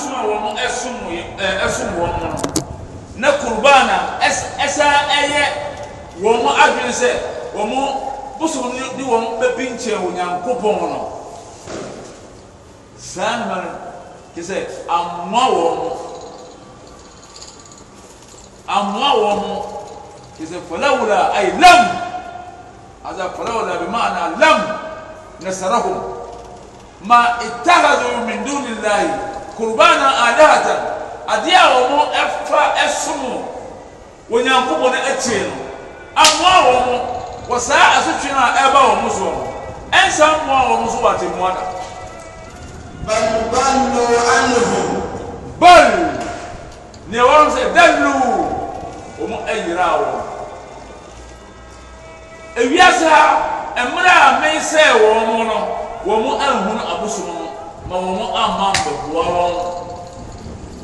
nso a wɔn ɛsom ɛɛ ɛsom wɔn no na kurban a ɛs ɛsan ɛyɛ wɔn adwene sɛ wɔn bosom ne de wɔn bɛbi nkyɛn Onyankopɔn no saa nneɛma no te sɛ amoa wɔn amoa wɔn te sɛ falawula ayi lam asa falawula bi maana lam nasarahum ma itahadu min duni lahi kurbana adahata adeɛ a wɔn ɛfa ɛsom wɔnyankopɔn akyire no amoa wɔn wɔ saa asotwe no a ɛba wɔn so no ɛnsa mmoa wɔn so wɔ atemmoa da balubalo anuhu bal nea wɔn sɛ dalu wɔn ayira wɔn ewiasa mmerɛ a mmɛnsɛɛ wɔn no wɔn anhunu abosom no ma wɔn ama mpaboa wɔn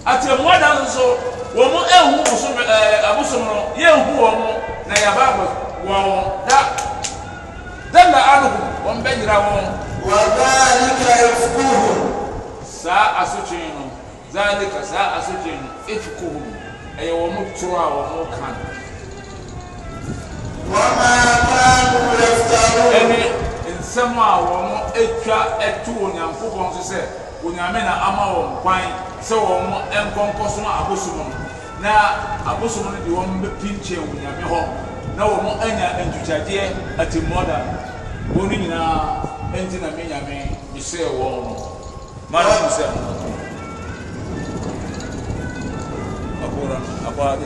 atɛmua da nso wɔn ehu bosom ɛɛ eh, abosom no wɔn na yaba aboa wɔn da dala anohu wɔn bɛnyira wɔn. wɔdaalika efukuhu. saa asotwe no zaalika saa asotwe no efukuhu ɛyɛ wɔn toro a wɔn ka. wɔn a kan wɔn lɛfutaru. ɛni nsɛm a wɔn. atwa to onyankopɔn so sɛ onyame na ama wɔn kwan sɛ wɔn nkɔnkɔ so no abosom no na abosom no de wɔn bɛpinkyɛn onyame hɔ na wɔn anya ntutagyeɛ atemmɔda wɔn no nyinaa ɛnti na me nyame wɔn no masom sɛ akora akɔade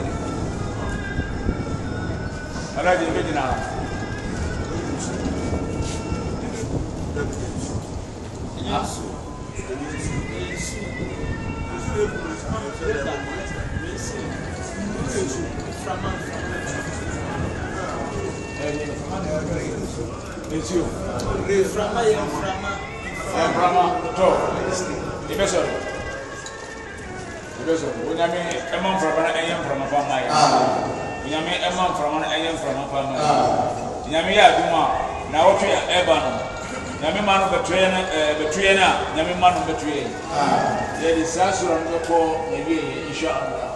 ha isso, o Etio. Reframa yɛ nframa. Nframa tɔ. Ebe sɔrɔ. Ebe sɔrɔ. Onyame ɛma nframa na ɛyɛ nframa pa ama yɛ. Onyame ɛma nframa na ɛyɛ nframa pa ama yɛ. Onyame yɛ adum a na wɔtwe ɛba no nyame ma no bɛtoɛ no eh, bɛtoɛ no a nyame ma no bɛtoɛ ah. yɛde saa soro no bɛkɔ na wieɛ inshallah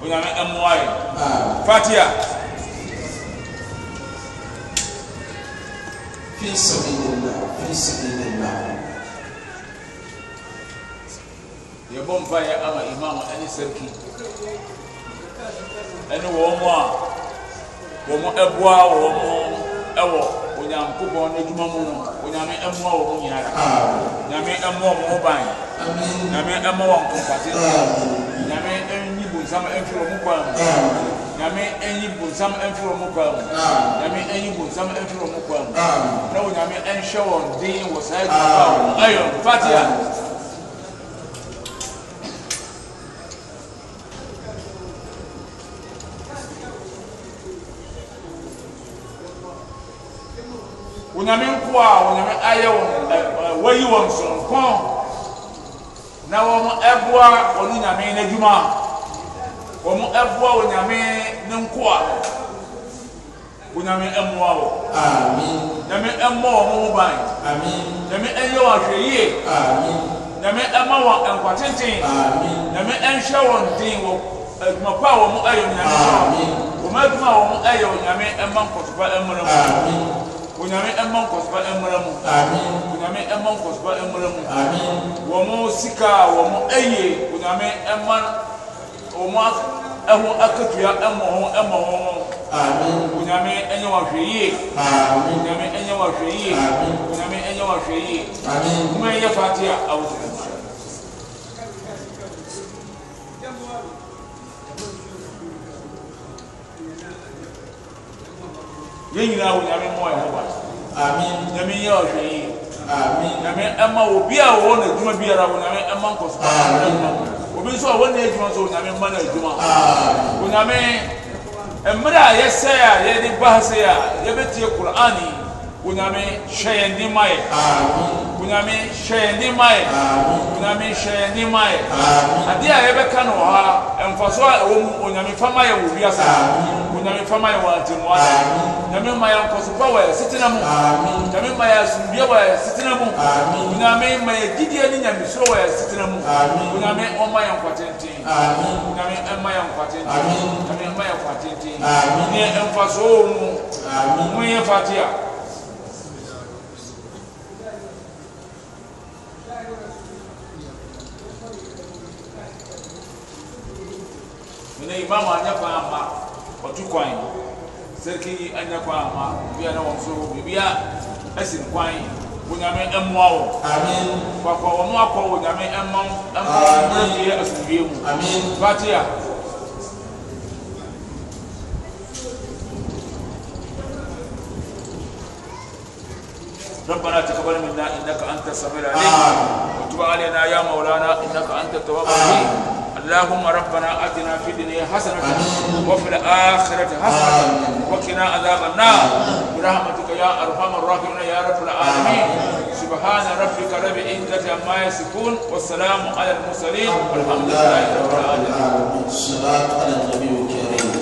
onyame ɛmmoa ah. fatia في سبيل الله في سبيل الله يبون فايا أما إمام أني سركي أنا وما وما nyankopɔn n'adwuma mu no onyame ɛmoa wɔ ho nyinara nyame ɛmoa wɔ ho ban nyame ɛma wɔn nkɔmfate nyame ɛnyi bonsam ɛmfiri wɔ mu kwan mu nyame ɛnyi bonsam ɛmfiri wɔ mu kwan mu nyame ɛnyi bonsam ɛmfiri wɔ mu kwan mu na wo nyame ɛnhyɛ wɔn den wɔ fatia onyame nko a onyame ayɛ wɔn wɔyi wɔn sonko na wɔn ɛboa wɔn nyame n'adwuma wɔn ɛboa wɔn ne nko a onyame ɛmoa wɔ nyame ɛmɔ wɔn ho ban nyame ɛyɛ wɔn ahwɛ yie nyame ɛma wɔn nkwa tenten nyame ɛnhwɛ wɔn den wɔ adwuma pa a wɔn ayɛ wɔn nyame wɔn adwuma a wɔn ayɛ wɔn ɛma nkɔtɔkwa ɛmɔ ne mu onyame ɛma nkɔsoba ɛmmra mu onyame ɛma nkɔsoba ɛmmra mu wɔn mo sika wɔn mo ɛyɛ onyame ɛma wɔn mo ɛho akatua ɛma wɔn ɛma wɔn onyame ɛnyɛ wɔn yie onyame ɛnyɛ wɔn yie onyame ɛnyɛ wɔn yie kuma yɛ fati a awosowo. yɛn nyinaa wɔ nyame mmɔ ɛho ba Amen. Nyame yɛ ɔhwɛyi. Amen. Nyame ɛma obi a wɔwɔ n'adwuma biara wɔ nyame ɛma nkɔso. Amen. Obi nso a wɔn n'adwuma nso nyame mma n'adwuma. Amen. Wɔ nyame mmerɛ a yɛsɛ a yɛde ba ha a yɛbɛtie Kur'an yi. Onyame hyɛ yɛn den ma yɛ. Onyame hyɛ yɛn den ma yɛ. Onyame hyɛ yɛn den ma yɛ. Adeɛ a yɛbɛka no wɔ ha, mfaso a ɛwɔ mu, onyame fa ma yɛ wɔ wiase. Onyame fa ma yɛ wɔ atemmu ase. Onyame ma yɛ nkɔsopa wɔ ɛsetena mu. Onyame ma yɛ asomdua wɔ ɛsetena mu. Onyame ma yɛ gyidie ne nyamesuro wɔ ɛsetena mu. Onyame ɔma yɛ nkwatenten. Onyame ɛma yɛ nkwatenten. Onyame ɛma yɛ nkwatenten. Nyɛ mfaso wɔ mu. Mo yɛ fatia. na imam anya kwan ama ɔtu kwan sarki anya kwan ama bia na wɔn so bibia asi kwan onyame mmoa wɔ kwakwa wɔn akɔ onyame mma mma wɔn yɛ asomdwie mu fatia ربنا تقبل منا انك انت السميع العليم وتب علينا يا مولانا انك انت التواب الرحيم اللهم ربنا اتنا في الدنيا حسنه وفي الاخره حسنه وقنا عذاب النار برحمتك يا ارحم الراحمين يا رب العالمين سبحان ربك رب العزه عما يصفون والسلام على المرسلين والحمد لله رب العالمين الصلاه على النبي الكريم